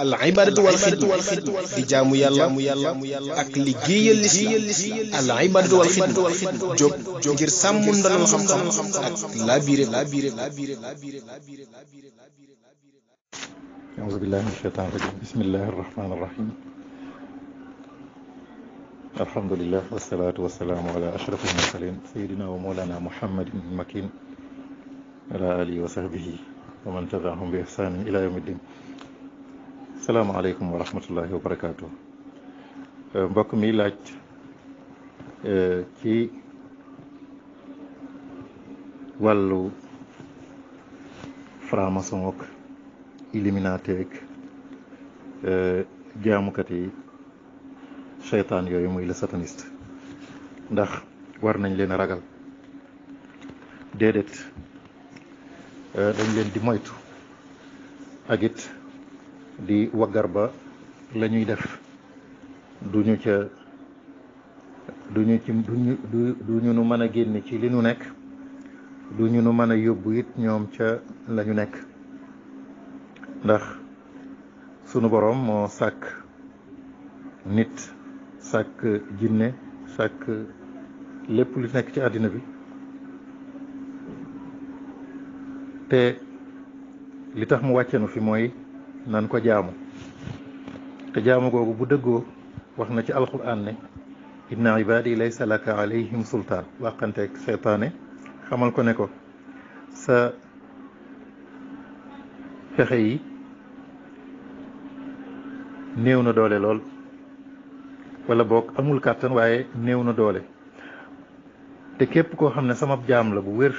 al ibadatu wal xidma di jaamu yàlla ak liggéeyal lislaam al ibadatu wal xidma jóg ngir sàmm ndalal xam-xam ak laabire auzu billahi min sheytaan rajim bismillahi rahmaani rahim alhamdulillah wasalaatu wasalaamu ala ashraf almursalin sayidina wa moolana muhammadin makin ala alihi wa sahbihi wa man tabiahum bi ihsanin ila yawmi ddin salaamaaleykum wa rahmatullahi wa barakaatu mbokk mi laaj eh, ci wàllu franc-maçon ak illuminati ak eh, yi seytaan yooyu muy la sataniste ndax war nañ leen a ragal déedéet eh, dañ leen di moytu ak di waggar ba la ñuy def duñu ca duñu ci duñu duñu nu mën a génn ci li nu nekk duñu nu mën a yóbbu it ñoom ca lañu nekk ndax sunu boroom moo sàkk nit sàkk jinné sàkk lépp lu nekk ci àddina bi te li tax mu wàcce nu fi mooy nan ko jaamu te jaamu googu bu dëggoo wax na ci alquran ne inna ibadi laysa laka alayhim sultaan wàqanteeg seetaane xamal ko ne ko sa fexe yi néew na doole lool wala boog amul kàttan waaye néew na doole te képp koo xam ne sama jaam la bu wér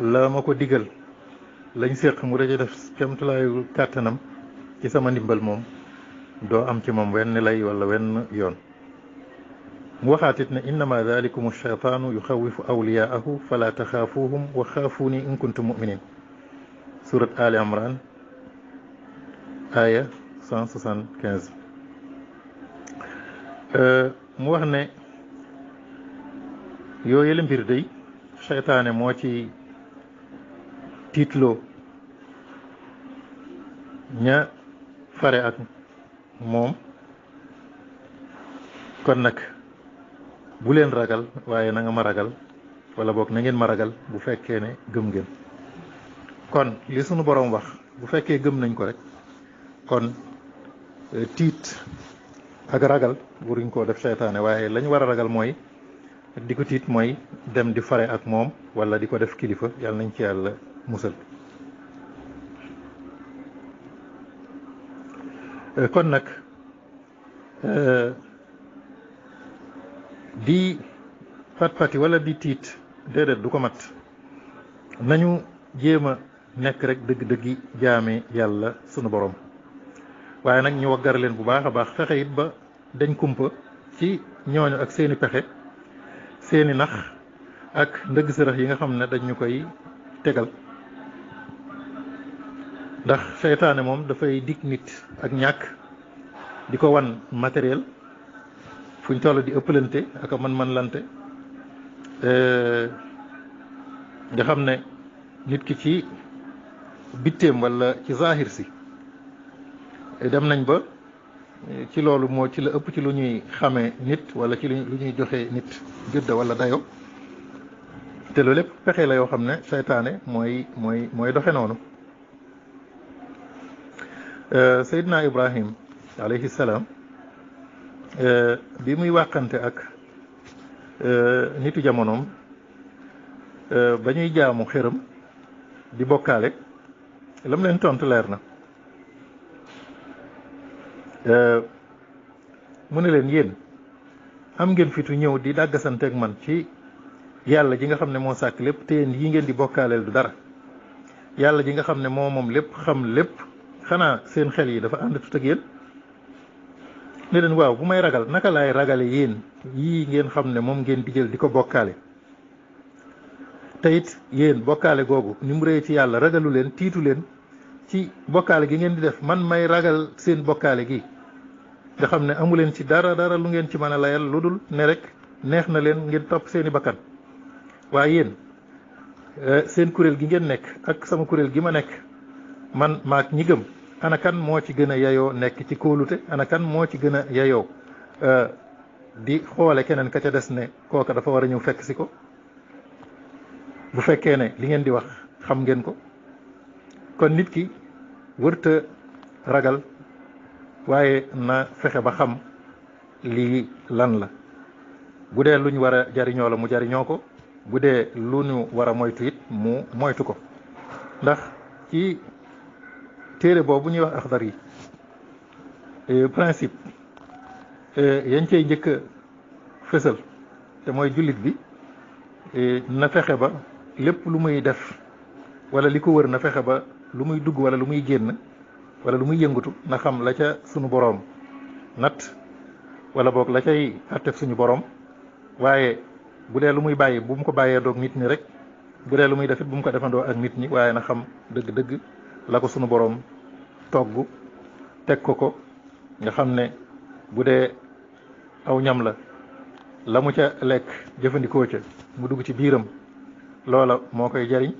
la ma ko diggal lañ séq mu daje def kemtulaayu kàttanam ci sama ndimbal moom doo am ci moom wenn lay wala wenn yoon mu waxaatit ne innama dalikum alcheytaanu yuxawifu awliyaahu fala taxaafuuhum wa xaafuuni in kuntum muminin surat ali imran aya mu wax ne yooyu la mbir day seytaane moo ci tiitloo ña fare ak moom kon nag bu leen ragal waaye nanga ma ragal wala bokk na ngeen ma ragal bu fekkee ne gëm ngeen kon li sunu boroom wax bu fekkee gëm nañ ko rek kon euh, tiit ak ragal waruñ koo def seytaane waaye lañ war a ragal mooy di ko tiit mooy dem di fare ak moom walla di ko def kilifa yàlla nañ ci yàlla musal euh, kon nag euh, di fatfati wala di tiit déedéet du ko mat nañu jéem a nekk rek dëgg-dëggi jaame yàlla sunu borom waaye nag ñu waggar leen bu baax a baax fexe ba dañ kumpa ci ñooñu ak seeni pexe seeni nax ak ndëgg sërëx yi nga xam ne dañ koy tegal ndax seytaane moom dafay dig nit ak ñàkk di ko wan matériel fu ñu toll di ëppalante ak man-man lante eh, nga xam ne nit ki ci bitteem walla ci zahir si dem nañ ba ci loolu moo ci la ëpp ci lu ñuy xame nit walla ci lu ñuy joxe nit gëdda walla dayo te loolu lépp pexe la yoo xam ne seytaane mooy mooy mooy doxe noonu Eh, Seydina Ibrahim alayhi salaam eh, bi muy wàqante ak eh, nitu jamonoom ba ñuy jaamu xërëm di bokkaale lam leen tontu leer na mu ne leen yéen am ngeen fitu ñëw di dàggasante man ci yàlla ji nga xam ne moo sàkk lépp te yéen yi ngeen di bokkaaleel du dara yàlla ji nga xam ne moo moom lépp xam lépp xanaa seen xel yi dafa ànd tut ak ne leen waaw bu may ragal naka lay ragale yéen yii ngeen xam ne moom ngeen di jël di ko bokkaale te it yéen bokkaale googu ni mu rëy ci yàlla ragalu leen tiitu leen ci bokkaale gi ngeen di def man may ragal seen bokkaale gi nga xam ne amu leen ci dara dara lu ngeen ci mën a layal lu dul ne rek neex na leen ngeen topp seeni bakkan waaye yéen eh, seen kuréel gi ngeen nekk ak sama kuréel gi ma nekk man maak ñi gëm ana kan moo ci gën a yayoo nekk ci kóolute ana kan moo ci gën a yayoo euh, di xoole keneen ka ca des ne kooka dafa war a ñëw fekk si ko bu fekkee ne li ngeen di wax xam ngeen ko kon nit ki wërta ragal waaye na fexe ba xam lii lan la bu dee lu ñu war a jariñoo la mu jariñoo ko bu dee lu ñu war a moytu it mu moytu ko ndax ci téere boobu ñuy wax axdar yi principe yañ cay njëkk a fësal te mooy jullit bi na fexe ba lépp lu muy def wala li ko wër na fexe ba lu muy dugg wala lu muy génn wala lu muy yëngatu na xam la ca suñu boroom natt wala boog la cay àttef suñu boroom waaye bu dee lu muy bàyyi bu mu ko bàyyee doog nit ñi rek bu dee lu muy defit bu mu ko defandoo ak nit ñi waaye na xam dëgg-dëgg la ko sunu boroom togg teg ko ko nga xam ne bu dee aw ñam la la mu ca lekk jëfandikoo ca mu dugg ci biiram loola moo koy jariñ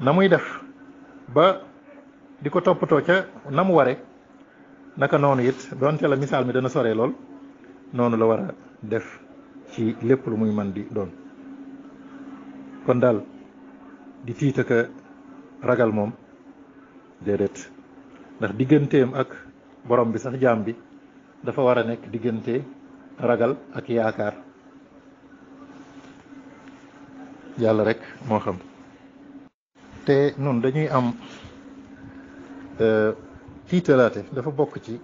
na muy def ba di ko toppatoo ca na mu ware naka noonu it donte la misaal mi dana sore lool noonu la war a def ci lépp lu muy man di doon kon daal di tiit ko ragal moom déedéet ndax digganteem ak borom bi sax jaam bi dafa war a nekk diggante ragal ak yaakaar yàlla rek moo xam te noonu dañuy am euh, tiitalaate dafa bokk ci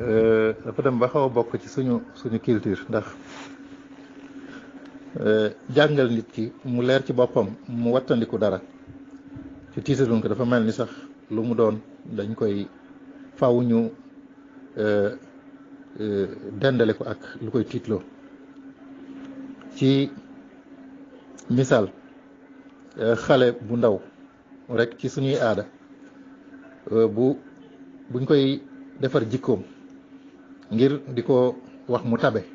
euh, dafa dem ba xaw a bokk ci suñu suñu culture ndax euh, jàngal nit ki mu leer ci boppam mu wattandiku dara ci tiitaluñ ko dafa mel ni sax lu mu doon dañ koy faw ñu euh, euh, dendale ko ak lu koy tiitloo ci misaal euh, xale bu ndaw rek ci suñuy aada bu buñ koy defar jikkoom ngir di ko wax mu tabe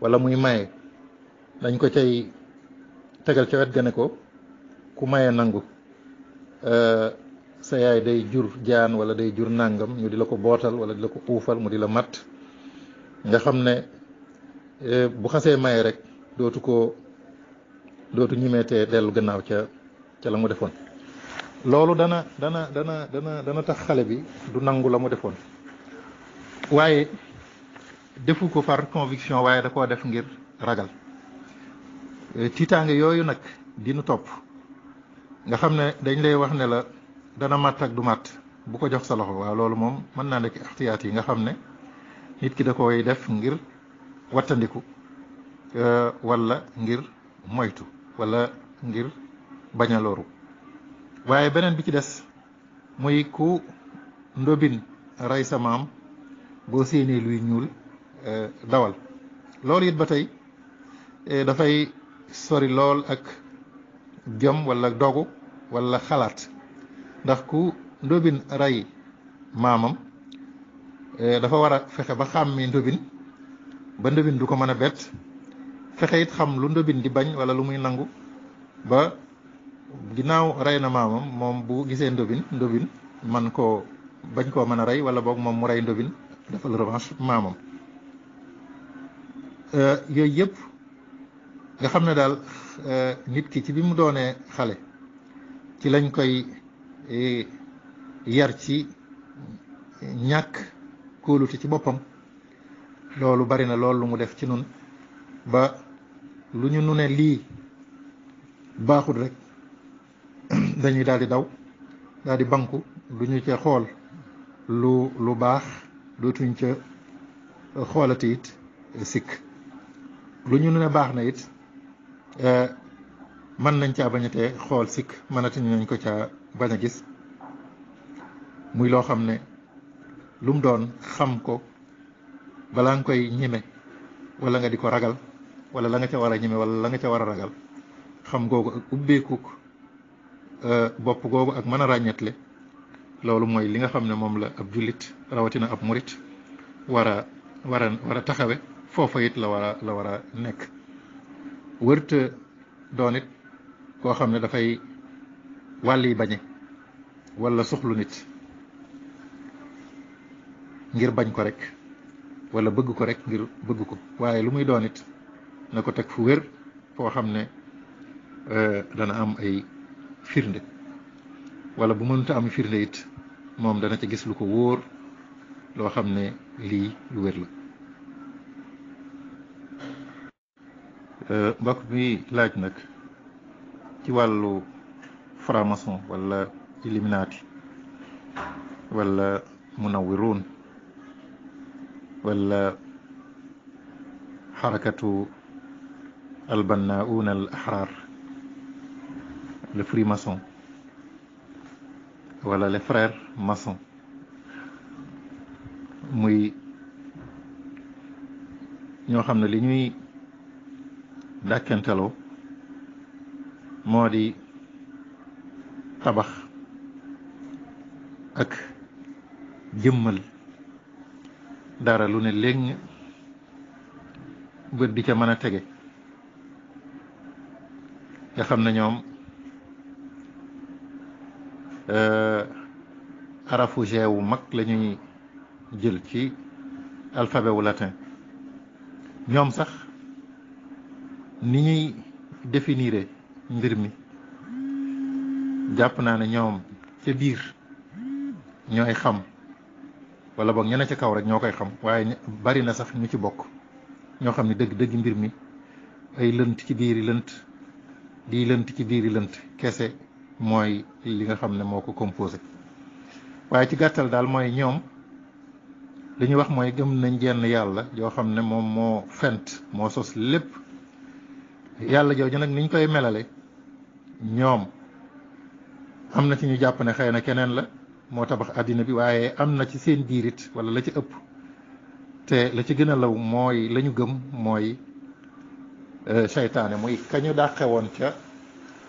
wala muy maye dañ ko cay tegal ca wet gane ko ku maye nangu Euh, sa yaay day jur jaan wala day jur nàngam ñu di la ko bootal wala di la ko uufal mu di la mat nga xam ne euh, bu xasee may rek dootu ko dootu ñimeetee dellu gannaaw ca ca la mu defoon loolu dana dana dana dana dana tax xale bi du nangu la mu defoon waaye defu ko par conviction waaye da koo def ngir ragal euh, tiitaange yooyu nag dina topp nga xam ne dañ lay wax ne la dana màtt ak du màtt bu ko jox sa loxo waaw loolu moom mën naa nekk ixtiyaat yi nga xam ne nit ki da koy def ngir wattandiku euh, wala ngir moytu wala ngir bañ a waaye beneen bi ci des muy ku ndobin rey sa maam boo séenee luy ñuul euh, dawal loolu it ba tey euh, dafay sori lool ak jom wala dogu wala xalaat ndax ku ndobin rey maamam eh, dafa war a fexe ba xàmmee ndobin ba ndobin du ko mën a bett fexe it xam lu ndobin di bañ wala lu muy nangu ba ginnaaw rey na maamam moom bu gisee ndobin ndobin man koo bañ koo mën a rey wala boog moom mu rey ndóbin defal revanche maamam eh, yooyu yëpp nga xam ne daal eh, nit ki ci bi mu doonee xale ci lañ koy e, yar ci ñàkk kóolute ci boppam loolu bari na loolu lu mu def ci nun ba lu ñu nune lii baaxut rek dañuy daal daw daldi banku lu ñu ca xool lu lu baax dootuñ ca xoolati it sikk lu ñu nu baax na it e, mën nañ caa bañatee xool sikk mënati nañ ko ca bañ gis muy loo xam ne lu doon xam ko balaa nga koy ñeme wala nga di ko ragal wala la nga ca war a ñeme wala la nga ca war a ragal xam googu ak ubbeekuk euh, bopp googu ak mën a ràññetle loolu mooy li nga xam ne moom la ab jullit rawatina ab murit war a war a taxawe foofa it la war a la war a nekk wërta doonit koo xam ne dafay wàlli bañe walla soxlu nit ngir bañ ko rek walla bëgg ko rek ngir bëgg ko waaye lu muy doon na ko teg fu wér foo xam ne euh, dana am ay firnde walla bu mënta am firnde it moom dana ci gis lu ko wóor loo xam ne lii lu wér la euh, mbokk mi laaj nag ci wàllu franc-maçon wala illuminati wala munawirun wala xarakatu albannaun al ahrar le franc-maçon wala les frères muy ñoo xam ne li ñuy dàkkenteloo moo di tabax ak jëmmal dara lu ne léng bët di ca mën a tege nga xam ne ñoom euh, arafu G wu mag la ñuy jël ci alphabet wu latin ñoom sax ni ñuy définir mbir mi jàpp naa ne ñoom ca biir ñooy xam walla boog ñene ca kaw rek ñoo koy xam waaye bari na sax ñu ci bokk ñoo xam ne dëgg dëgg mbir mi ay lënt ci biiri lënt di lënt ci biiri lënt kese mooy li nga xam ne moo ko composé waaye ci gàttal daal mooy ñoom li ñu wax mooy gëm nañ jenn yàlla joo xam ne moom moo fent moo sos lépp yàlla jooju nag niñ koy melale ñoom am na ci ñu jàpp ne xëy na keneen la moo tabax àddina bi waaye am na ci seen biir it wala la ci ëpp te la ci gën a law mooy la gëm mooy euh, seytaane muy kañu dàqe woon ca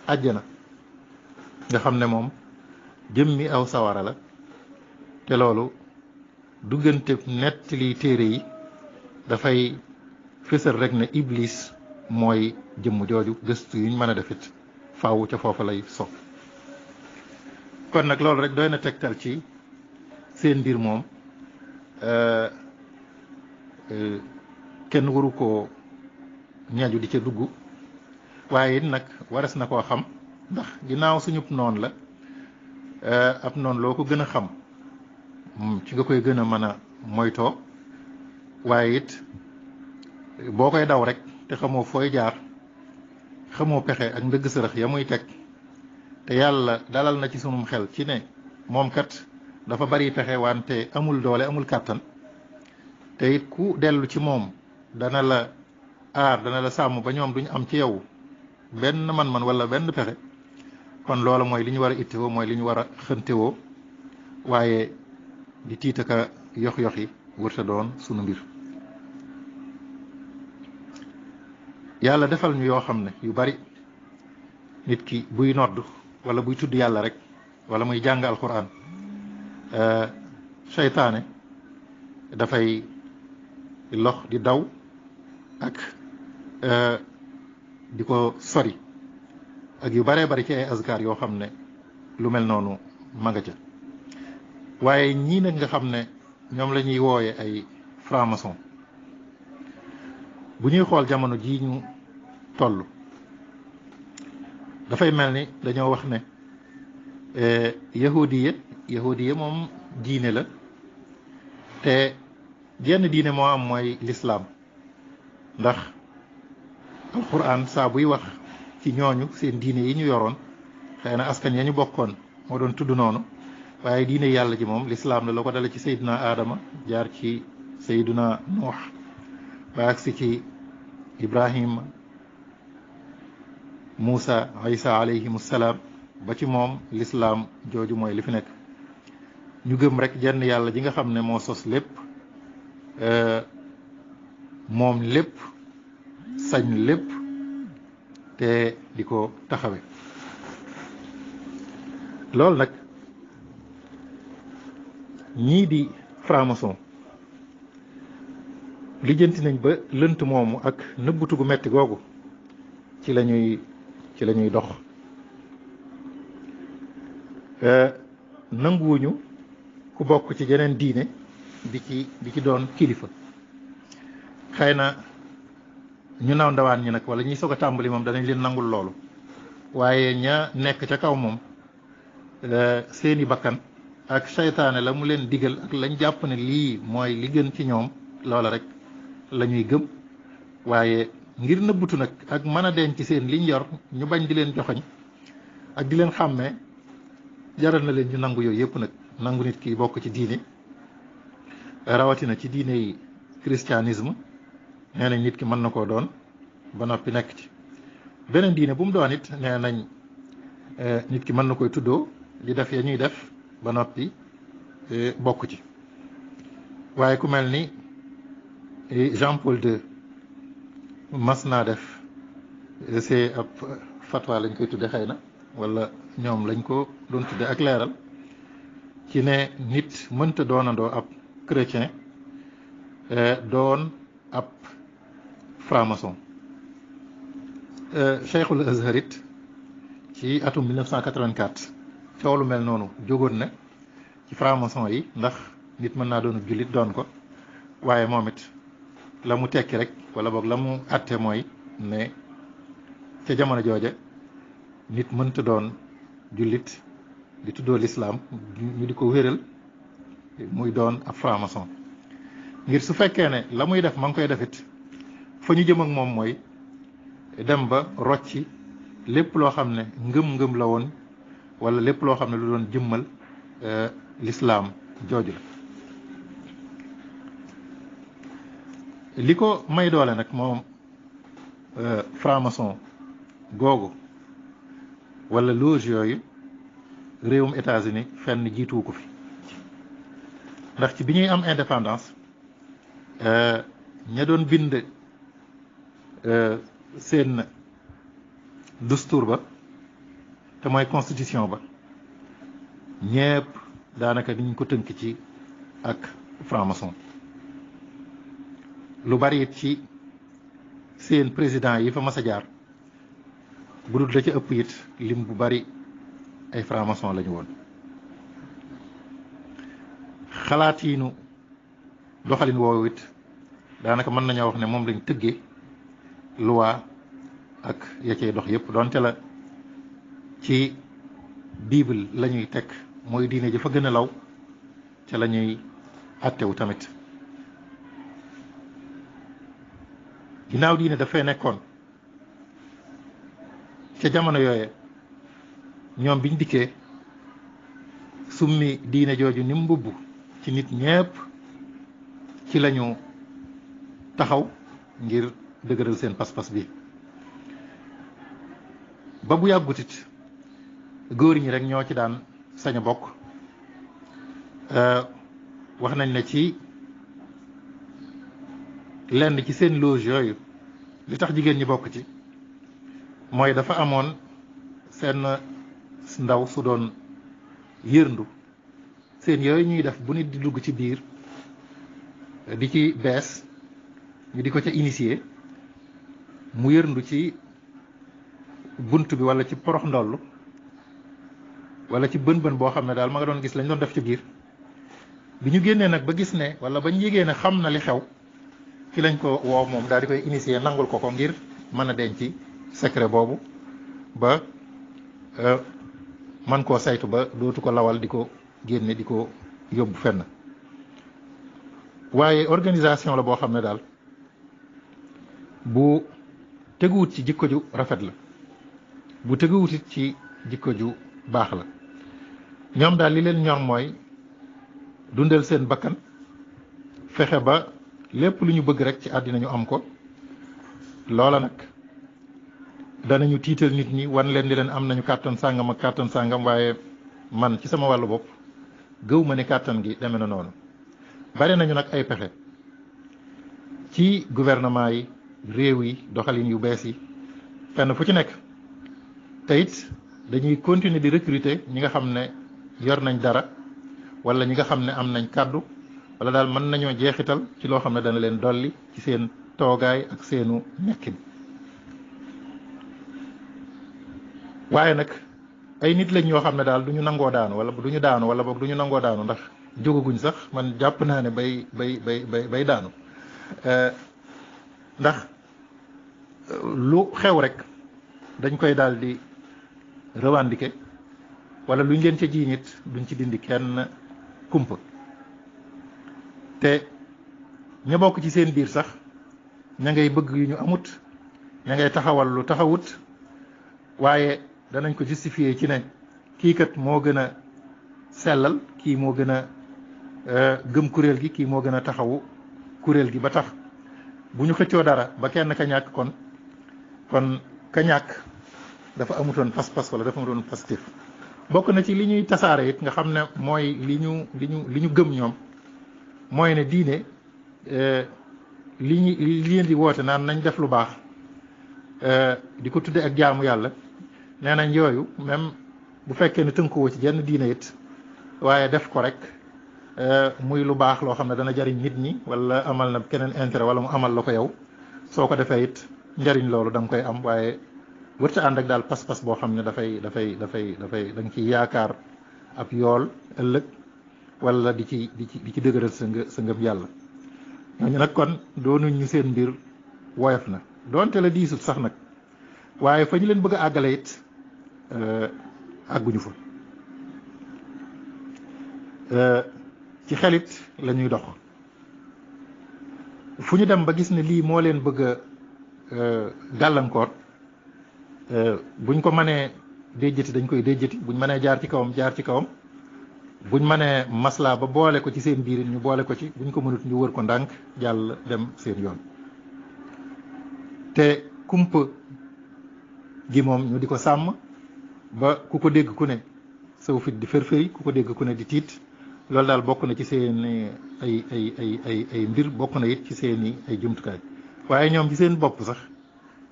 àjjana nga xam ne moom jëmmi aw sawara la te loolu duggante nett liy téere yi dafay fësal rek ne iblis mooy jëmm jooju gëstu yuñ mën a defit faaw ca foofa lay soog kon nag loolu rek doy na tegtal ci seen mbir moom euh, euh, kenn waru koo ñaju di ca dugg waaye it nag wares na koo xam ndax ginnaaw suñu noon la euh, ab noon loo ko gën a xam mm, ci nga koy gën a mën a moytoo waaye it boo koy daw rek te xamoo fooy jaar xamoo pexe ak ndëgg sërëx ya muy teg te yàlla dalal na ci sunum xel ci ne moom kat dafa bari pexe wante amul doole amul kàttan te it ku dellu ci moom dana la aar dana la sàmm ba ñoom duñu am ci yow benn man-man wala benn pexe kon loola mooy li ñu war a ittiwoo mooy li ñu war a xëntewoo waaye di tiitaka yox yoxi wërta doon sunu mbir yàlla defal ñu yoo xam ne yu bari nit ki buy nodd wala buy tudd yàlla rek wala muy jàng alquran eh, seytaane dafay lox di daw ak eh, di ko sori ak yu baree bari ci ay azkar yoo xam ne lu mel noonu ma nga ca waaye ñii nag nga xam ne ñoom la ñuy wooye ay franc bu ñuy xool jamono jii ñu toll dafay mel ni dañoo wax ne eh, yahudiya yahudiya moom diine la te jenn diine moo am mooy lislaam ndax alquran saa buy wax ci ñooñu seen diine yi ñu yoroon xay na askan ya ñu bokkoon moo doon tudd noonu waaye diine yàlla ji moom lislaam la la ko dale ci seyduna aadama jaar ci sayduna nuux ci Ibrahim Moussa Isa alayhimu salaam ba ci moom lislaam jooju mooy li fi nekk ñu gëm rekk jenn yàlla ji nga xam ne moo sos lépp eh, moom lépp sañ lépp te di ko taxawe loolu nag ñii di franc lijjanti nañ ba lënt moomu ak nëbbutu gu metti googu ci la ñuy ci la ñuy dox euh, nanguwuñu ku bokk ci geneen diine bi ci di ci doon kilifa xëy na ñu naaw ndawaan ñi nag wala ñuy soog a tàmbali moom danañ leen nangul loolu waaye ña nekk ca kaw moom euh, seeni bakkan ak seytaane la mu leen digal ak lañ jàpp ne lii mooy li gën ci ñoom loola rek la ñuy gëm waaye ngir nëbbutu nag ak mën a denc seen liñ yor ñu bañ di leen joxoñ ak di leen xàmmee jaral na leen ñu nangu yooyu yëpp nag nangu nit ki bokk ci diine rawatina ci diine yi christianisme nee nañ nit ki mën na koo doon ba noppi nekk ci beneen diine bu mu doon it nee nañ e, nit ki mën na koy tuddoo di def ya ñuy def ba noppi e, bokk ci waaye ku mel ni Jean Paul II mas naa def c'est ab fatwa lañ koy tudde xëy na wala ñoom lañ ko doon tudde ak leeral ci ne nit mënta doonandoo ab chrétien euh, doon ab franc-maçon euh, Cheikhul Azhar ci atum 1984 coow lu mel noonu jógoon na ci franc yi ndax nit mën naa doon ab jullit doon ko waaye moom la mu tekki rek wala boog la mu àtte mooy ne ca jamono jooja nit mënta doon jullit di tuddoo lislaam ñu di ko wéral muy doon ab franc-maçon ngir su fekkee ne la muy def ma ngi koy defit fa ñu jëm ak moom mooy dem ba rocci lépp loo xam ne ngëm-ngëm la woon wala lépp loo xam ne lu doon jëmmal euh, lislaam jooju la li ko may doole nag moom euh, franc-maçon googu wala loge yooyu réewum États-Unis fenn jiituwu ko fi ndax ci bi ñuy am indépendance euh, ña doon bind euh, seen dustuur ba te mooy constitution ba ñépp daanaka niñ ko tënk ci ak franc-maçon lu bari it ci seen président yi fa mas a jaar bu dul da ca ëpp yit lim bu bari ay franc lañu woon xalaatiinu doxalin woowu it daanaka mën nañoo wax ne moom lañ tëggee loi ak ya cay dox yépp donte la ci bible lañuy ñuy teg mooy diine ji fa gën a law ca lañuy ñuy àttewu tamit ginnaaw diine dafay nekkoon ca jamono yooye ñoom biñ dikkee summi diine jooju ni mbubb ci nit ñépp ci lañu taxaw ngir dëgëral seen pas-pas bi ba bu yàggutit góor ñi rek ñoo ci daan sañ a bokk euh, wax nañ ne ci lenn ci seen loge yooyu li tax jigéen ñi bokk ci mooy dafa amoon seen ndaw su doon yërndu seen yooyu ñuy def bu nit di dugg ci biir bi ci bees ñu di ko ca initier mu yërndu ci bunt bi wala ci porox ndoll wala ci bën bën boo xam ne daal ma nga doon gis lañ doon def ci biir bi ñu génnee nag ba gis ne wala bañ yégee ne xam na li xew ci lañ ko woo moom daal di koy initier nangul ko ko ngir mën a denc secret boobu ba euh, man koo saytu ba dootu ko lawal di ko génne di ko yóbbu fenn waaye organisation la boo xam ne daal bu teguwut ci jikko ju rafet la bu teguwutit ci jikko ju baax la ñoom daal li leen ñor mooy dundal seen bakkan fexe ba lépp lu ñu bëgg rek ci àddina ñu am ko loola nag danañu tiital nit ñi wan leen di leen am nañu kàttan sàngam ak kàttan sàngam waaye man ci sama wàllu bopp gëw ni ne kàttan gi deme na noonu bare nañu nag ay pexe ci gouvernement yi réew yi doxalin yu bees yi fenn fu ci nekk te dañuy continuer di recruter ñi nga xam ne yor nañ dara wala ñi nga xam ne am nañ kàddu wala daal mën nañoo jeexital ci loo xam ne dana leen dolli ci seen toogaay ak seenu nekkin waaye nag ay nit lañ ñoo xam ne daal du ñu nangoo daanu wala du ñu daanu wala boog du ñu nangoo daanu ndax jógaguñ sax man jàpp naa ne bay bay bay bay daanu eh, ndax lu xew rek dañ koy daal di revendiquer wala luñ leen ca ji nit duñ ci dindi kenn kumpa te ñu bokk ci seen biir sax ña ngay bëgg yu ñu amut ña ngay taxawal lu taxawut waaye danañ ko justifier ci ne kii kat moo gën a sellal kii moo gën a euh, gëm kuréel gi kii moo gën a taxawu kuréel gi ba tax bu ñu xëccoo dara ba kenn ka ñàkk kon kon ka ñàkk dafa amutoon pas-pas wala dafa amutoon positif bokk na ci li ñuy tasaare it nga xam ne mooy li ñu li ñu li ñu gëm ñoom mooy ne diine eh, li ñu li di woote naan nañ def lu baax eh, di ko tuddee ak jaamu yàlla nee nañ yooyu même bu fekkee ne tënkuwoo ci jenn diine it waaye def ko rek eh, muy lu baax loo xam ne dana jariñ nit ñi wala amal na keneen intérêt wala mu amal la ko yow soo ko defee it njariñ loolu da koy am waaye wërta ànd ak daal pas-pas boo xam ne dafay dafay dafay dafay da nga ciy yaakaar ab yool ëllëg wala di ci di ci di ci dëgëral sa nga yàlla ñooñu nag kon doonuñ ñu seen mbir woyof na donte la diisut sax nag waaye fa ñu leen bëgg a àggale it euh, àgguñu fa euh, ci xelit lañuy dox fu ñu dem ba gis ne lii moo leen bëgg a euh, gàllankoor buñ ko mënee déjjati dañ koy déjjati buñ mënee jaar ci kawam jaar ci kawam buñ manee maslaa ba boole ko ci seen biir ñu boole ko ci buñ ko mënut ñu wër ko ndànk jàll dem seen yoon te kumpa gi moom ñu di ko sàmm ba ku ko dégg ku ne saw fit di fërfëri ku ko dégg ku ne di tiit loolu daal bokk na ci seen ay ay ay ay mbir bokk na it ci seeni ay jumtukaay waaye ñoom ci seen bopp sax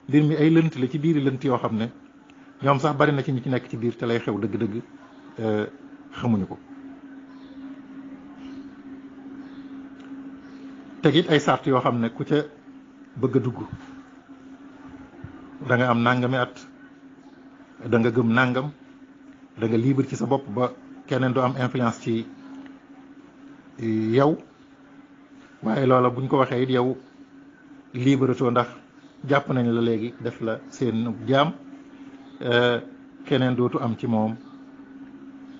mbir mi ay lënt la ci biir lënt yoo xam ne ñoom sax bari na ci ñu ci nekk ci biir te lay xew dëgg-dëgg euh, xamuñu ko teg it ay sart yoo xam ne ku ca bëgg a dugg danga am nangami at da gëm nangam da nga libre ci sa bopp ba keneen du am influence ci yow waaye loola buñ ko waxee it yow libératoo ndax jàpp nañ la léegi def la seen jaam eh, keneen dootu am ci moom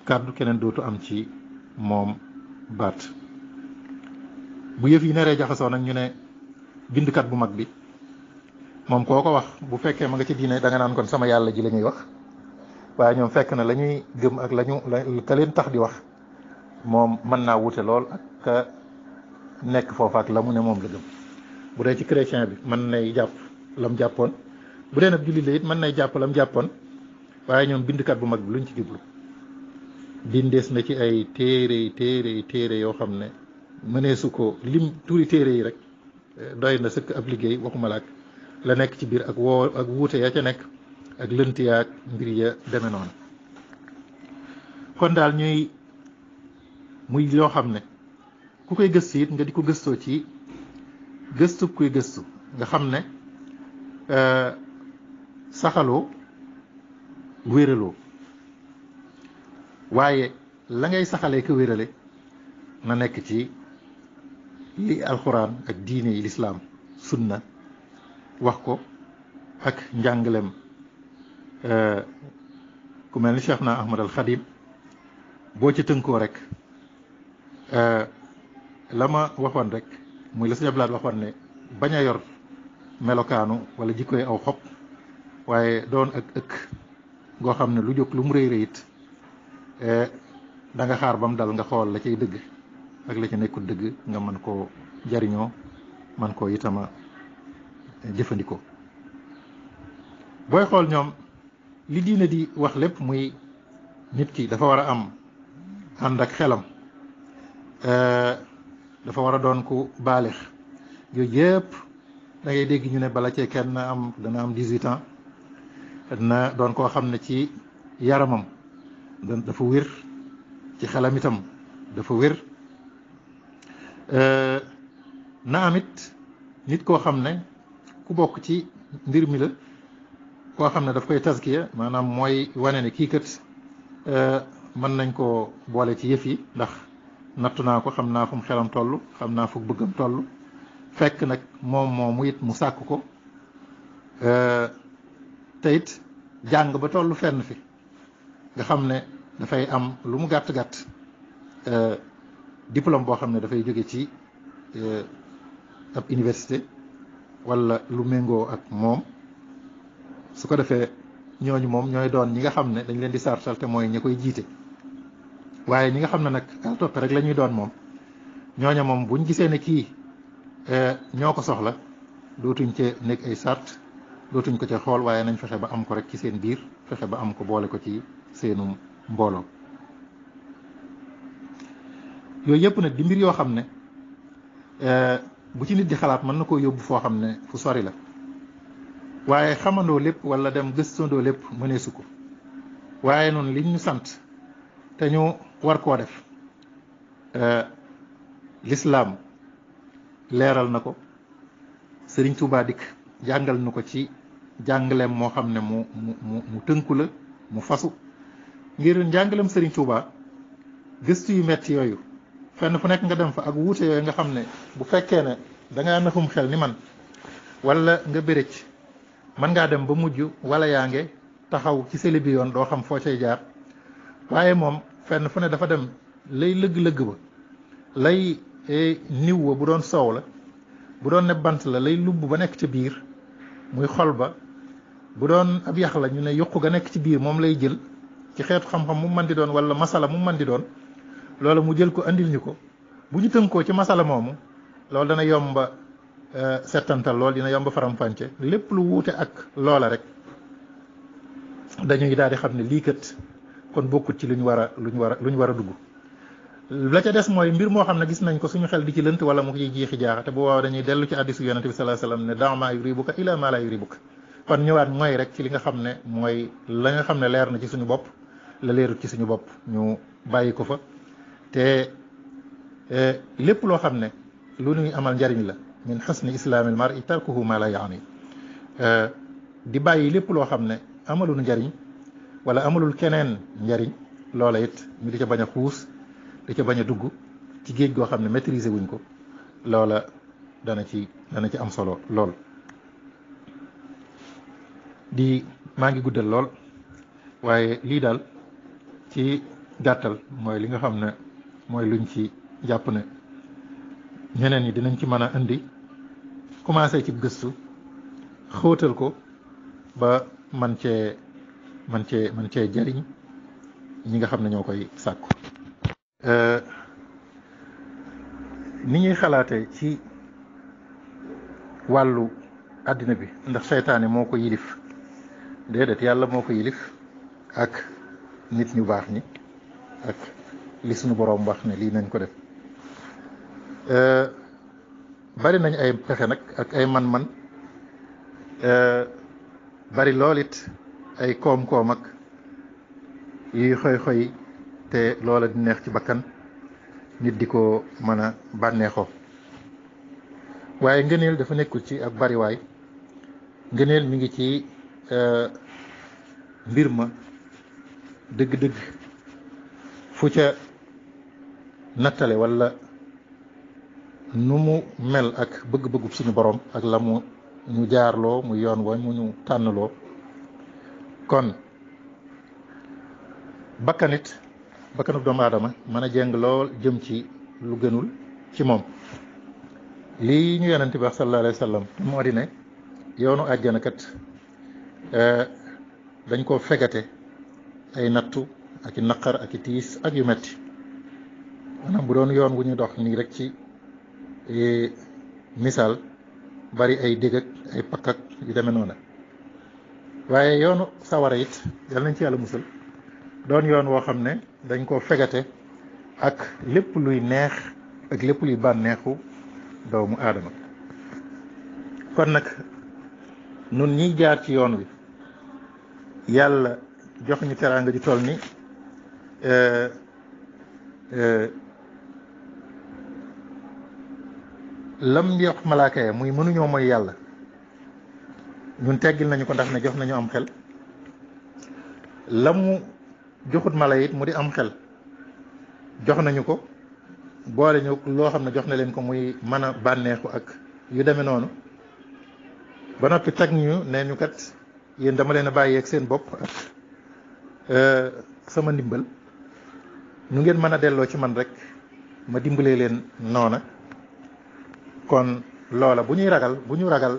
kàddu keneen dootu am ci moom baat bu yëf yi naree jaxasoo nag ñu ne bindkat bu mag bi moom koo ko wax bu fekkee ma nga ci diine da nga naan kon sama yàlla ji la ñuy wax waaye ñoom fekk na lañuy ñuy gëm ak la ñu ka leen tax di wax moom mën naa wute lool ak ka nekk foofa ak la mu ne moom la gëm bu dee ci chrétien bi mën nay jàpp lam jàppoon bu dee nag jullit la it mën nay jàpp lam jàppoon waaye ñoom bindkat bu mag bi luñ ci jublu bindees na ci ay téere téere téere yoo xam ne mëneesu ko lim tuuri téere yi rek eh, doy na sëkk ab liggéey waxuma laak la nekk ci biir ak woo ak wuute ya ca nekk ak lënt yaak mbir ya deme noonu kon daal ñuy muy loo xam ne ku koy gëstu yit nga di ko gëstoo ci gëstu koy gëstu nga xam ne eh, saxaloo wéraloo waaye la ngay saxalee ko wérale na nekk ci li alxuraan ak diine yi lislaam sunna wax ko ak njàngalem ku mel ni Cheikh na Ahmad al boo ci tënkoo rek la ma waxoon rek muy la sa jablaat waxoon ne bañ a yor melokaanu wala jikkoy aw xob waaye doon ak ëkk goo xam ne lu jóg lu mu rëy rëyit eh, da xaar ba mu dal nga xool la cay dëgg ak la ci nekkul dëgg nga mën koo jariñoo man koo itama jëfandikoo booy xool ñoom li diine di wax lépp muy nit ki dafa war a am ànd ak xelam euh, dafa war a doon ku baalix yooyu yëpp da dégg ñu ne bala cee kenn am dana am 18 ans na doon koo xam ne ci yaramam dafa wér ci xelam itam dafa wér Euh, na amit nit koo xam ne ku bokk ci mbir mi la koo xam ne daf koy taskiya maanaam mooy wane ne kii kat euh, mën nañ ko boole ci yëf yi ndax nattu naa ko xam naa fu mu xelam toll xam naa fu bëggam toll fekk nag moom moomu it mu sàkk ko euh, te jàng ba tollu fenn fi nga xam ne dafay am lu mu gàtt gàtt diplôme boo xam ne dafay jóge ci euh, ab université walla lu méngoo ak moom su ko defee ñooñu moom ñooy doon ñi nga xam ne dañ leen di sartal te mooy ñi koy jiite waaye ñi nga xam ne nag al topp rek la ñuy doon moom ñooña moom buñ gisee ne kii euh, ñoo ko soxla dootuñ cee nekk ay sart dootuñ ko ca xool waaye nañ fexe ba am ko rek ci seen biir fexe ba am ko boole ko ci seenu mbooloo yooyu yëpp nag di mbir yoo xam ne euh, bu ci nit di xalaat mën na koo yóbbu foo xam ne fu sori la waaye xamandoo lépp wala dem gëstandoo lépp su ko waaye noonu liñ ñu sant te ñu war koo def euh, lislaam leeral na ko sëriñ Tuubaa dikk jàngal na ko ci jàngaleem moo xam ne mu mu mu tënku la mu fasu ngir njàngaleem sëriñ Tuubaa gëstu yu metti yooyu fenn fu nekk nga dem fa ak wuute yooyu nga xam ne bu fekkee ne danga ngaa nafum xel ni man wala nga bërëc mën ngaa dem ba mujj wala yaa ngi taxaw ci seli bi yoon doo xam foo cay jaar waaye moom fenn fu ne dafa dem lay lëgg-lëgg ba lay e, niw wa bu doon soow la bu doon ne bant la lay lubb ba nekk ci biir muy xol ba bu doon ab yax la ñu ne yokku ga nekk ci biir moom lay jël ci xeetu xam-xam mu mën di doon wala masala mu man di doon loolu mu jël ko andil ñu ko bu ñu tënkoo ci masala moomu loolu dana yomba euh, settantal lool dina yomba faram-fànce lépp lu wuute ak loola rek dañuy daal di xam ne lii kat kon bokkut ci lu ñu war a lu ñu war a lu war a dugg la ca des mooy mbir moo xam ne gis nañ ko suñu xel di ci lënt wala mu ciy jiixi jaaxate te bu waaw dañuy dellu ci hadisu yonente bi sallallahu alayhi wasallam ne da'u maa yuribuka ilaa maa laa ñëwaat mooy rek ci li nga xam ne mooy la nga xam ne leer na ci suñu bopp la ci suñu bopp ñu bàyyi ko fa te eh, lépp loo xam ne lu ñuy amal njariñ la min xusni islaamil mar'i tarkuhu ma la yaani eh, di bàyyi lépp loo xam ne amalul njariñ wala amalul keneen njariñ loola it ñu di ca bañ a xuus di ca bañ a dugg ci géej goo xam ne maîtriser wuñ ko loola dana ci dana ci am solo lool di maa ngi guddal lool waaye lii daal ci gàttal mooy li nga xam ne mooy luñ ci jàpp na ñeneen ñi dinañ ci mën a indi commencé ci gëstu xóotal ko ba man cee man cee man cee jariñ ñi nga xam ne ñoo koy sàkku euh, ni ñuy xalaatee ci wàllu àddina bi ndax seytaane moo ko yilif déedéet yàlla moo ko yilif ak nit ñu baax ñi li suñu boroom wax ne lii nañ ko def eh, bari nañ ay pexe nag ak ay man-man eh, bari loolit ay koom-koom ak yuy xoy-xoy te loola di neex ci bakkan nit di ko mën a bànneexoo waaye ngëneel dafa nekkul ci ak bariwaay ngëneel mi ngi ci eh, mbir ma dëgg-dëgg fu ca nattale wala nu mu mel ak bëgg-bëggub suñu borom ak la mu ñu jaarloo mu yoon wa mu ñu tànnloo kon bakkanit bakkanub doomu aadama mën a jeng lool jëm ci lu gënul ci moom lii ñu yonent bi wax sallallahu alayhi wa di ne yoonu àjjana kat eh, dañ koo fegate ay nattu ak i naqar ak i tiis ak yu metti maanaam bu doon yoon wu ñu dox nii rek ci e, misaal bari ay dégg ak ay pakk ak yu deme noonu waaye yoonu sawara it yal nañ ci yàlla musal doon yoon woo xam ne dañ koo fegate ak lépp luy neex ak lépp luy bànneexu mu aadama kon nag nun ñiy jaar ci yoon wi yàlla jox ñu teraanga ju toll ni e, e, lam yox malaaka ya muy mënuñoo mooy yàlla ñun teggil nañu ko ndax ne jox nañu am xel lamu joxut mala it mu di am xel jox nañu ko boole ñu loo xam ne jox na leen ko muy man a bànneexu ak yu demee noonu ba noppi teg ñu ne ñu kat yéen dama leen a bàyyeeg seen bopp ak eh, sama ndimbal ñu ngeen mën a delloo ci man rek ma dimbalee leen noona kon loola bu ñuy ragal bu ñu ragal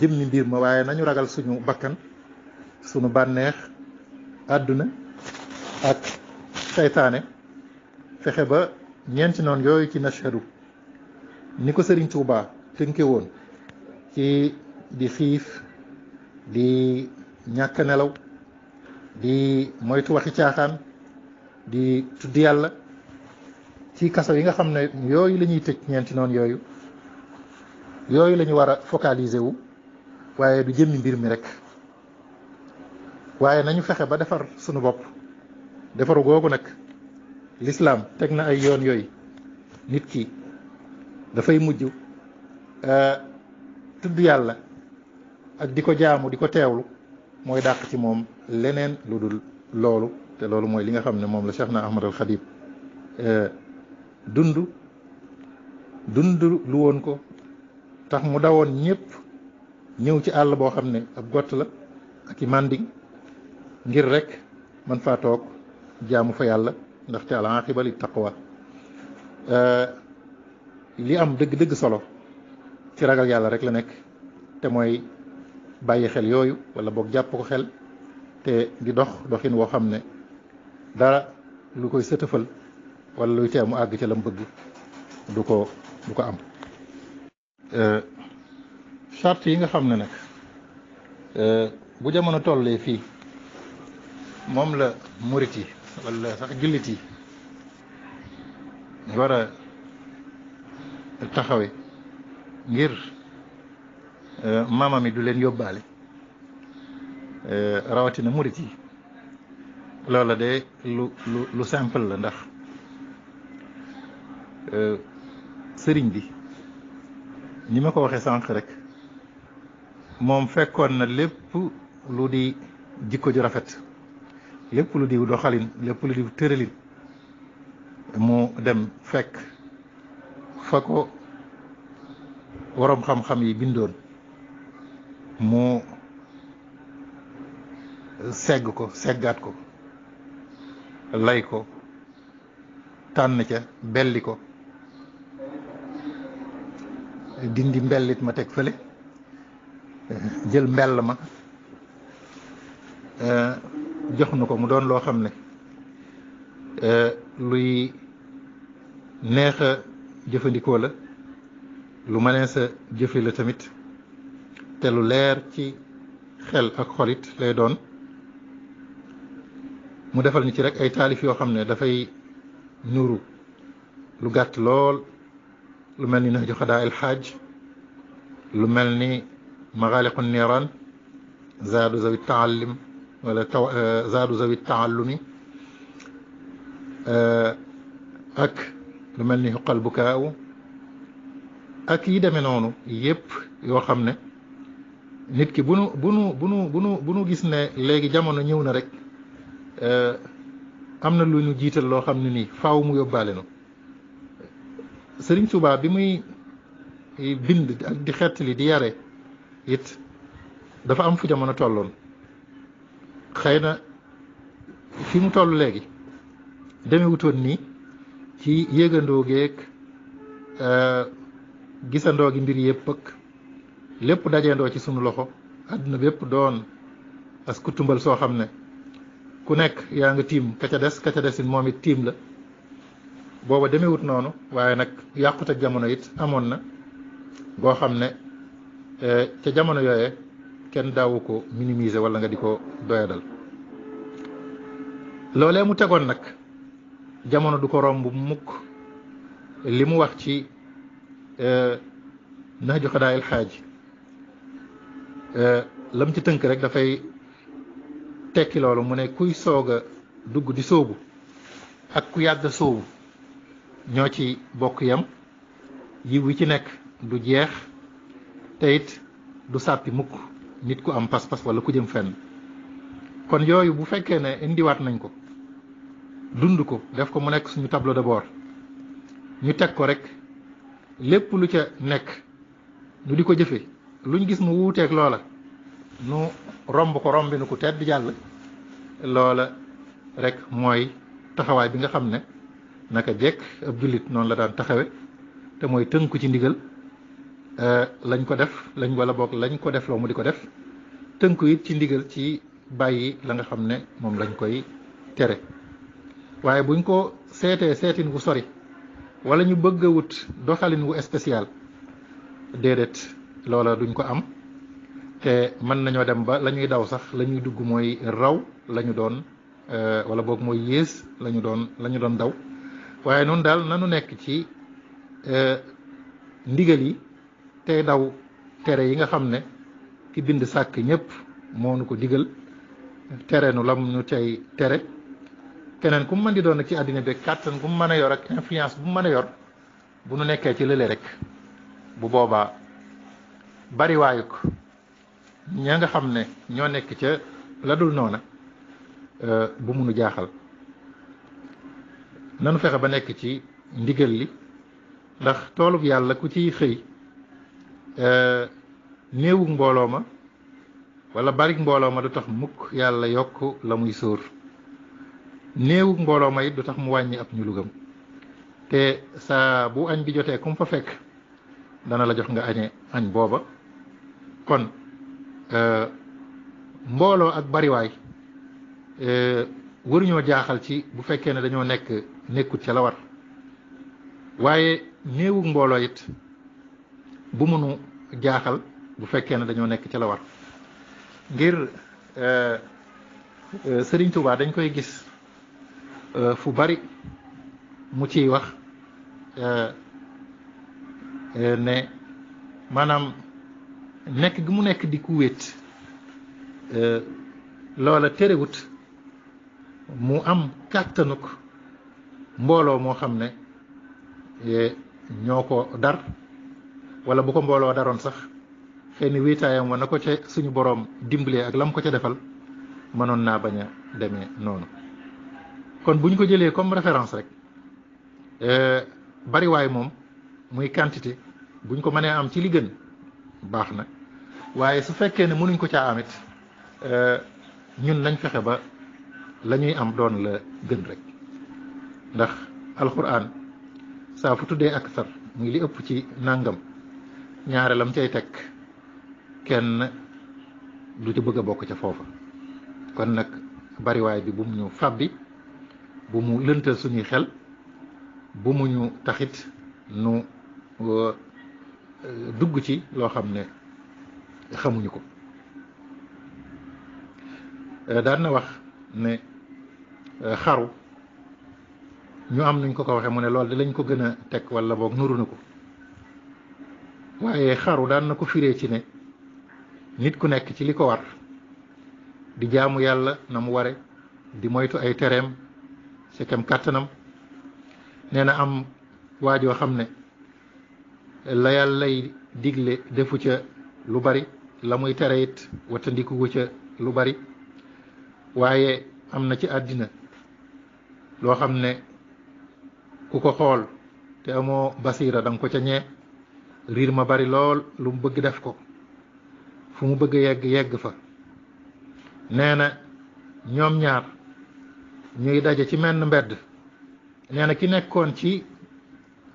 jëmmi mbir ma waaye nañu ragal suñu bakkan suñu bànneex àdduna ak seytaane fexe ba ñeenti noon yooyu ci nashadu ni ko Sëriñ Tuubaa tënke woon ci di xiif di ñàkk nelaw di moytu waxi caaxaan di tudd yàlla ci kaso yi nga xam ne yooyu la ñuy tëj ñeenti noon yooyu yooyu lañu ñu war a focaliser wu waaye du jëmmi mbir mi rek waaye nañu fexe ba defar sunu bopp defaru googu nag lislaam teg na ay yoon yooyu nit ki dafay mujj euh, tudd yàlla ak di ko jaamu di ko teewlu mooy dàq ci moom leneen lu dul loolu te loolu mooy li nga xam ne moom la Cheikh na Ahmad al euh, dund dund lu woon ko tax mu dawoon ñëpp ñëw ci àll boo xam ne ab gott la ak i mànding ngir rek man faa toog jaamu fa yàlla ndaxte al aaqiba li taqwa eh, li am dëgg-dëgg solo ci ragal yàlla rek la nekk te mooy bàyyi xel yooyu wala boog jàpp ko xel te di dox doxin woo xam ne dara lu koy sëtëfal walla luy teemu àgg ca lam bëgg du ko du ko am Eh, charte yi nga xam ne nag eh, bu jamono tollee fii moom la murit yi wala sax jullit yi war a taxawe ngir eh, maamam yi du leen yóbbaale rawatina murit yi loola de lu lu lu simple la ndax sëriñ bi ni ma ko waxee sànq rek moom fekkoon na lépp lu di jikko ju rafet lépp lu di doxalin lépp lu di tëralin mu dem fekk fa ko waroom xam-xam yi bindoon mu segg ko seggaat ko lay ko tànn ca belli ko dindi mbellit ma teg fële jël mbell ma eh, jox nu ko mu doon loo xam ne eh, luy neex jëfandikoo la lu mënee sa jëfe la tamit te lu leer ci xel ak xolit lay doon mu defal ñu ci rek ay taalif yoo xam ne dafay nuru lu gàtt lool lu mel ni nahju xadaa il xaaj lu mel ni magaaliqu niiraan zaadu zawi taallim wala taw eh, zaadu zawi taallumi eh, ak lu mel ni xuqal bukaaw ak yi demee noonu yëpp yoo xam ne nit ki bu nu bu nu bu nu bu nu gis ne léegi jamono ñëw na rek eh, am na lu ñu jiital loo xam ne nii faaw mu yóbbaale nu sëriñ Tuubaa bi muy eh, bind ak di xettali di yare it dafa am fu jamono tolloon xëy na fi mu toll léegi demewutoon nii ci yëgandoo geeg eh, gisandoo gi mbir yëpp ak lépp dajeendoo ci sunu loxo àdduna bépp doon as ku tumbal soo xam ne ku nekk yaa nga tiim ka ca des ka ca desin moom it tiim la booba demewut noonu waaye nag yàqute jamono it amoon na boo xam ne eh, ca jamono yooye kenn daawu ko minimiser wala nga di ko doyadal loolee mu tegoon nag jamono du ko romb mukk li mu wax ci eh, nahju xadaayil xaaji eh, lam ci tënk rek dafay tekki loolu mu ne kuy soog a dugg di sóobu ak ku yàgg a ñoo ci bokk yam yiw wi ci nekk du jeex te du sàppi mukk nit ku am pas-pas wala ku jëm fenn kon yooyu bu fekkee ne indiwaat nañ ko dund ko def ko mu nekk suñu tableau de bord ñu teg ko rek lépp lu ca nekk ñu di ko jëfee luñ gis mu wuuteeg loola nu romb ko rombi nu ko tedd jàll loola rek mooy taxawaay bi nga xam ne naka jekk ab jullit noonu la daan taxawe te mooy tënku ci ndigal euh, lañ ko def lañ wala boog lañ ko def loo mu di ko def tënku it ci ndigal ci bàyyi la nga xam ne moom lañ koy tere waaye buñ ko seetee seetin wu sori wala ñu bëgg wut doxalin wu spécial déedéet loola duñ ko am te mën nañoo dem ba lañuy daw sax la ñuy dugg mooy raw lañu ñu doon euh, wala boog mooy yées lañu doon la ñu doon daw waaye noonu daal nanu nekk ci euh, ndigal yi tey daw tere yi nga xam ne ki bind sàkk ñëpp moo nu ko digal tere nu lam nu cay tere keneen kum mu mën di doon ci àddina bi kàttan bu mu mën a yor ak influence bu mu mën a yor bu nu nekkee ci lële rek bu boobaa bariwaayu ko ña nga xam ne ñoo nekk ca la dul noona euh, bu munu jaaxal nanu fexe ba nekk ci ndigal li ndax toolub yàlla ku ciy xëy e, néewug mbooloo ma wala barik mbooloo ma du tax mukk yàlla yokk la muy sóor néewug mbooloo ma it du tax mu wàññi ab ñu te saa bu añ bi jotee ku mu fa fekk dana la jox nga añe añ booba kon e, mbooloo ak bariwaay e, waruñoo jaaxal ci bu fekkee ne dañoo nekk nekkut ca la war waaye néewu mbooloo yit bu mënu jaaxal bu fekkee ne dañoo nekk ca la war ngir eh, eh, sëriñtubaa dañ koy gis eh, fu bari mu ciy wax ne maanaam nekk gi mu nekk di ku wéet loola terewut mu am kàttanuk mbooloo moo xam ne ñoo ko dar wala bu ko mbooloo daroon sax xëy na wiitaayam wa na ko ca suñu boroom dimbalee ak lam ko ca defal mënoon naa bañ a demee noonu kon bu ñu ko jëlee comme référence rek e, bariwaay moom muy quantité bu ñu ko mënee am ci li gën baax na waaye su fekkee ne mënuñ ko caa amit e, ñun nañ fexe ba la ñuy am doon la gën rek ndax alxuraan saa fu tuddee ak sar muy li ëpp ci nàngam ñaareelam cay teg kenn du ci bëgg a bokk ca foofa kon nag bariwaay bi bu mu ñu fàbbi bu mu lëntal suñuy xel bu mu ñu taxit nu uh, dugg ci loo xam ne xamuñu ko uh, daan na wax ne uh, xaru ñu am nuñ ko ko waxee mu ne loolu dinañ ko gën a teg wala boog nuru na ko waaye xaru daan na ko firee ci ne nit ku nekk ci li ko war di jaamu yàlla na mu ware di moytu ay tereem sa kàttanam nee na am waajoo xam ne la yàllay digle defu ca lu bari la muy tere it wattandiku ko ca lu bari waaye am na ci àddina loo xam ne ku ko xool te amoo basiira da ko ca ñee riir ma bari lool lu mu bëgg def ko fu mu bëgg yegg yegg fa nee na ñoom ñaar ñuy daje ci menn mbedd nee ki nekkoon ci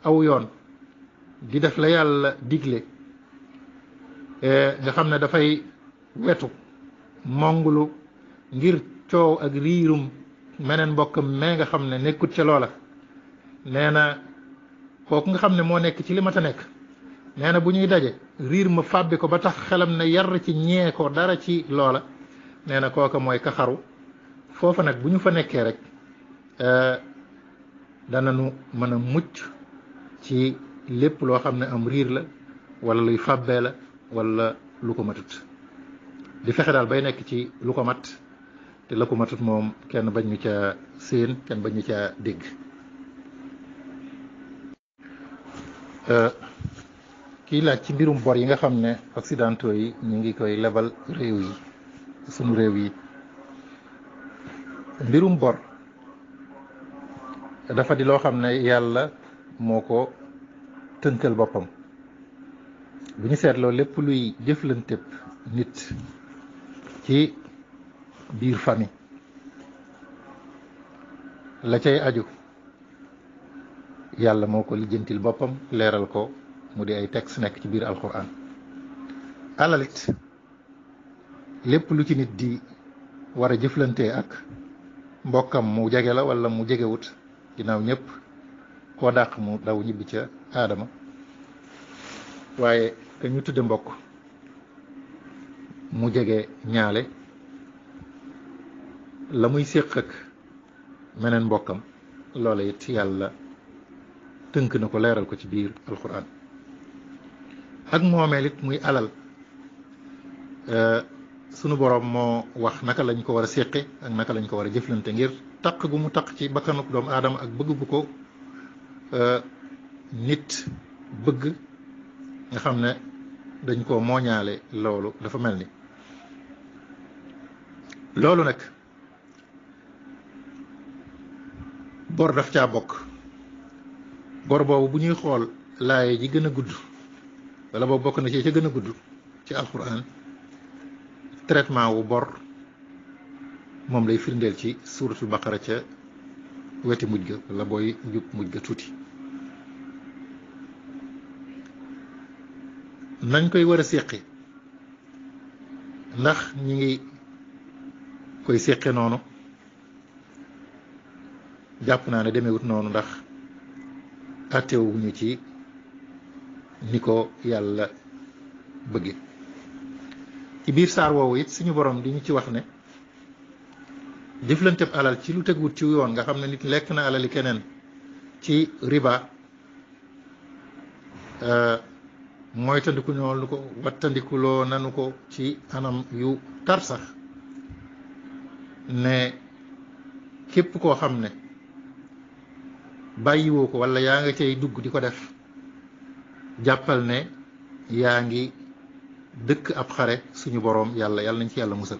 aw yoon di def la yàlla digle e, nga xam ne dafay wetu mongulu ngir coow ak riirum meneen mbokk mais nga xam ne nekkut ca loola nee na kooku nga xam ne moo nekk ci li ma ta nekk nee na bu ñuy daje riir ma fàbbi ko ba tax xelam na yar ci ñee ko dara ci loola nee na kooka mooy kaxaru foofa nag bu ñu fa nekkee rek euh, nu mën a mucc ci lépp loo xam ne am riir la wala luy fàbbee la wala lu ko matut di fexe daal bay nekk ci lu ko mat te la ko matut moom kenn bañ ñu ca séen kenn bañ ñu ca dégg Euh, kiy laaj ci mbirum bor yi nga xam ne occidentaux yi ñu ngi koy lebal réew yi sunu réew yi mbirum bor dafa di loo xam ne yàlla moo ko tënkal boppam bu ñu seetloo lépp luy jëflanteb nit ci biir famille la cay aju yàlla moo ko lijjantil boppam leeral ko mu di ay texte nekk ci biir alquran alalit lépp lu ci nit di war jëflantee ak mbokkam mu jege la walla mu jegewut ginnaaw ñëpp koo dàq mu daw ñibbi ca aadama waaye te ñu tudde mbokk mu jege ñaale la muy séq ak meneen mbokkam loola it yàlla tënk na ko leeral ko ci biir alquran ak moomeel it muy alal eh, sunu boroom moo wax naka lañ ko war a séqe ak naka lañ ko war a jëflante ngir taq gu mu takk ci bakkanu doomu aadama ak bëgg bu ko eh, nit bëgg nga xam ne dañ ko mooñaale loolu dafa mel ni loolu nag bor daf caa bokk gor boobu bu ñuy xool laaye ji gën a gudd wala boo bokk na ci ca gën a gudd ci alquran traitement wu bor moom lay firndeel ci suuratul baqara ca weti mujj ga wala booy jub mujj ga tuuti nañ koy war a séqi ndax ñi ngi koy séqe noonu jàpp naa ne demewut noonu ndax attewuñu ci ni ko yàlla bëgge ci biir saar woowu it suñu borom di ñu ci wax ne jëflanteb alal ci lu teguwut ci yoon nga xam ne nit lekk na alali keneen ci riba euh, mooy tandiku ñoolu ko wattandikuloo nanu ko ci anam yu tar sax ne képp koo xam ne bàyyiwoo ko walla yaa nga cay dugg di ko def jàppal ne yaa ngi dëkk ab xare suñu boroom yàlla yàlla nañ ci yàlla musal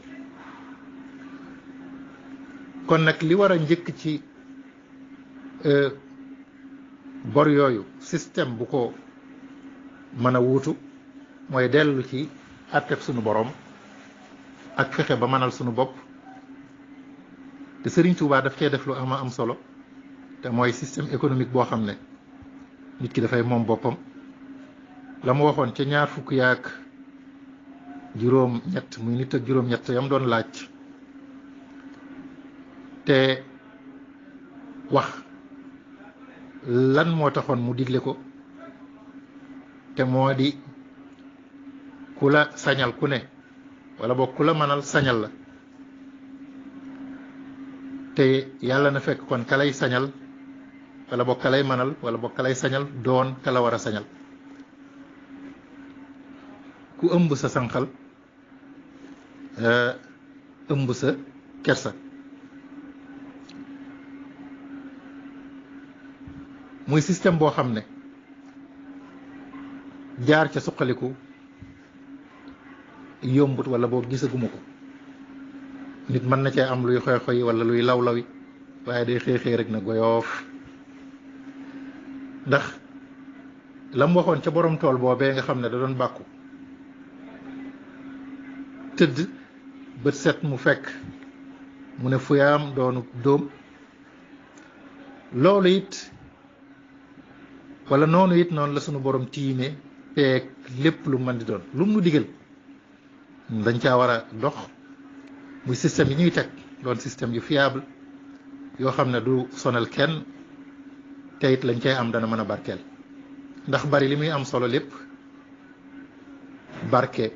kon nag li war a njëkk ci e, bor yooyu système bu ko mën a wuutu mooy dellu ci àtteb suñu boroom ak fexe ba mënal suñu bopp te Sëriñ Tuubaa daf cee def lu ama am solo te mooy système économique boo xam ne nit ki dafay moom boppam la mu waxoon ca ñaar fukk yaak juróom-ñett muy nit ak juróom-ñett yam doon laaj te wax lan moo taxoon mu digle ko te moo di ku la sañal ku ne wala boog ku la mënal sañal la te yàlla na fekk kon ka sañal wala boog ka lay mënal wala boog ka lay sañal doon ka la war a sañal ku ëmb sa sànqal eh, ëmb sa kersa muy système boo xam ne jaar ca suqaliku yombut wala boo gisaguma ko nit mën na cee am luy xoy xoy wala luy law lawi waaye day xëy xëy rek na goyoof ndax lam waxoon ca borom tool boobee nga xam ne da doon bàkku tëdd bët set mu fekk mu ne fuyaam doonu dóom loolu it wala noonu it noonu la sunu boroom tiime peeg lépp lu mën di doon lu mu nu digal dañ caa war a dox muy système yi ñuy teg doon système yu fiable yoo xam ne du sonal kenn te lañ cay am dana mën a barkeel ndax bari li muy am solo lépp barke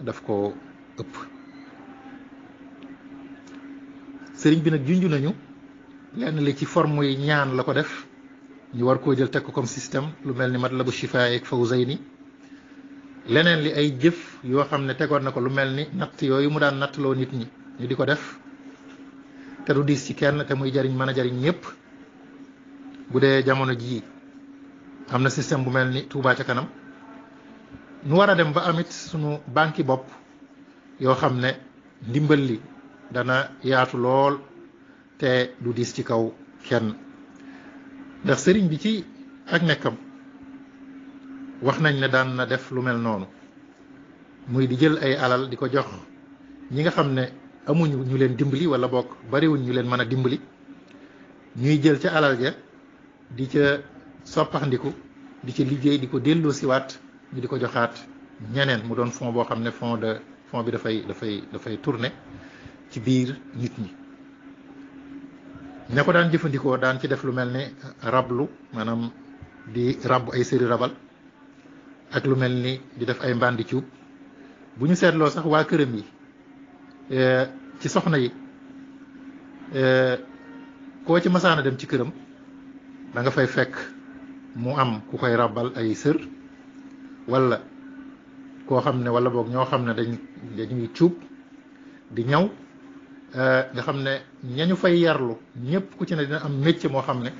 daf ko ëpp sëriñ bi nag junj nañu lenn li ci form yi ñaan la ko def ñu war koo jël teg ko comme système lu mel ni la bu matlabu shifaa ak ni leneen li ay jëf yoo xam ne tegoon na ko lu mel ni natt yooyu mu daan nattloo nit ñi ñu di ko def te du diis ci kenn te muy jariñ mën a jariñ ñëpp bu dee jamono jii am na système bu mel ni Touba ca kanam nu war a dem ba amit sunu banque bopp yoo xam ne ndimbal li dana yaatu lool te du diis ci kaw kenn ndax sëriñ bi ci ak nekkam wax nañ ne daan na def lu mel noonu muy di jël ay alal di ko jox ñi nga xam ne amuñu ñu leen dimbali wala bokk bariwuñ ñu leen mën a dimbali ñuy jël ca alal ja di ca soppaxndiku di ca liggéey di ko delloosiwaat ñu di ko joxaat ñeneen mu doon fond boo xam ne fond fond bi dafay dafay dafay tourner ci biir nit ñi ña ko daan jëfandikoo daan ci def lu mel ni rablu maanaam di ràbb ay séri rabal ak lu mel ni di def ay mbàndi cuub bu ñu seetloo sax waa këram yi e, ci soxna yi e, koo ci masaana dem ci këram da nga fay fekk mu am ku koy ràbbal ay sër wala koo xam ne wala boog ñoo xam ne dañ dañuy cuub di ñaw euh, nga xam ne ñañu fay yarlu ñëpp ku ci ne dina am métier moo xam ne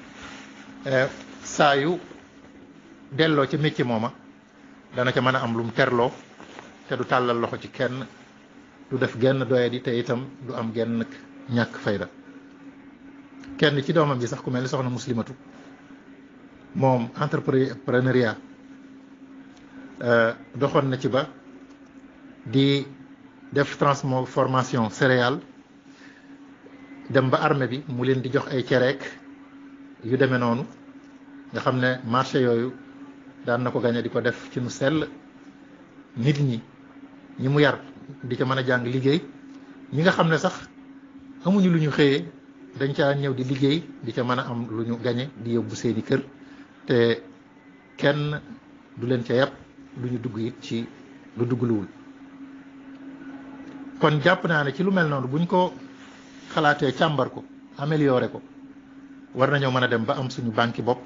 euh, saa yu delloo ca métier mooma dana ca mën a am lu mu terloo te du tàllal loxo ci kenn du def genn doyadi te itam du am genn ñàkk fayda kenn ci doomam ji sax ku mel ni soxna muslimatu moom entrepreneuriat euh, doxoon na ci ba di def transformation céréale dem ba arme bi mu leen di jox ay cereek yu demee noonu nga xam ne marché yooyu daan na ko gañe di ko def ci nu sell nit ñi ñi mu yar di ca mën a jàng liggéey ñi nga xam ne sax amuñu lu ñu xëyee dañ caa ñëw di liggéey di ca mën a am lu ñu gañe di yóbbu seeni kër te kenn du leen ca yàpp duñu dugg it ci lu duggluwul kon jàpp naa ne ci lu mel noonu buñ ko xalaatee càmbar ko amélioré ko war nañoo mën a dem ba am suñu banque bopp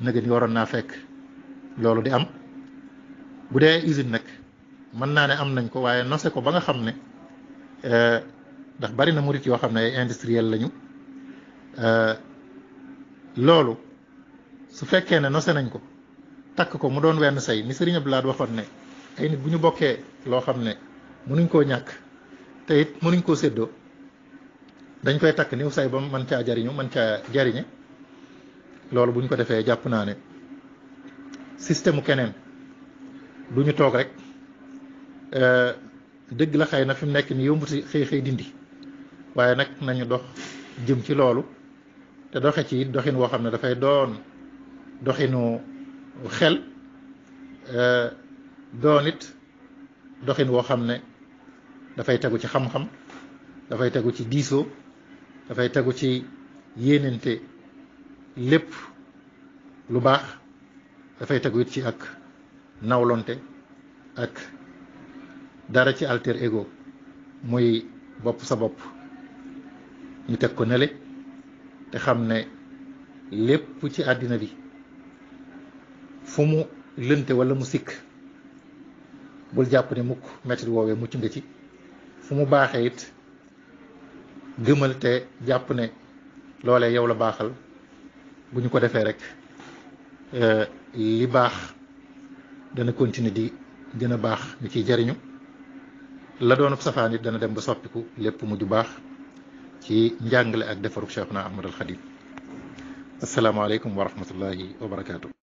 nëgën yi waroon naa fekk loolu di am bu dee usine nag mën naa ne am nañ ko waaye nose ko ba nga xam ne euh, ndax bari na murit yoo xam ne ay industriel lañu euh, loolu su fekkee ne nose nañ ko takk ko mu doon wenn say ni Sëriñ Abdou waxoon ne ay nit bu ñu bokkee loo xam ne mënuñ koo ñàkk te it mënuñ koo séddoo dañ koy takk niw say ba man caa jariñu man caa jariñe loolu bu ñu ko defee jàpp naa ne système keneen du ñu toog rek euh, dëgg la xëy na fi mu nekk ni yomb si xëy xëy dindi waaye nag nañu dox jëm ci loolu te doxe ci it doxin woo xam ne dafay doon doxinu xel euh, doon it doxin woo xam ne dafay tegu ci xam-xam dafay tegu ci diisoo dafay tegu ci yéenante lépp lu baax dafay tegu it ci ak nawlonte ak dara ci alter ego muy bopp sa bopp ñu teg ko nele te xam ne lépp ci àddina bi fu mu lënte wala mu sikk bul jàpp ne mukk mettit woowee mucc nga ci fu mu baaxee it gëmal te jàpp ne loolee yow la baaxal bu ñu ko defee rek e, li baax dana continuer di gën a baax ñu ciy jariñu la doon safaan it dana dem ba soppiku lépp mujj baax ci njàngale ak defaru Cheikhuna Ahmad al Khadim asalaamaaleykum wa rahmatullahi wa barakaatu.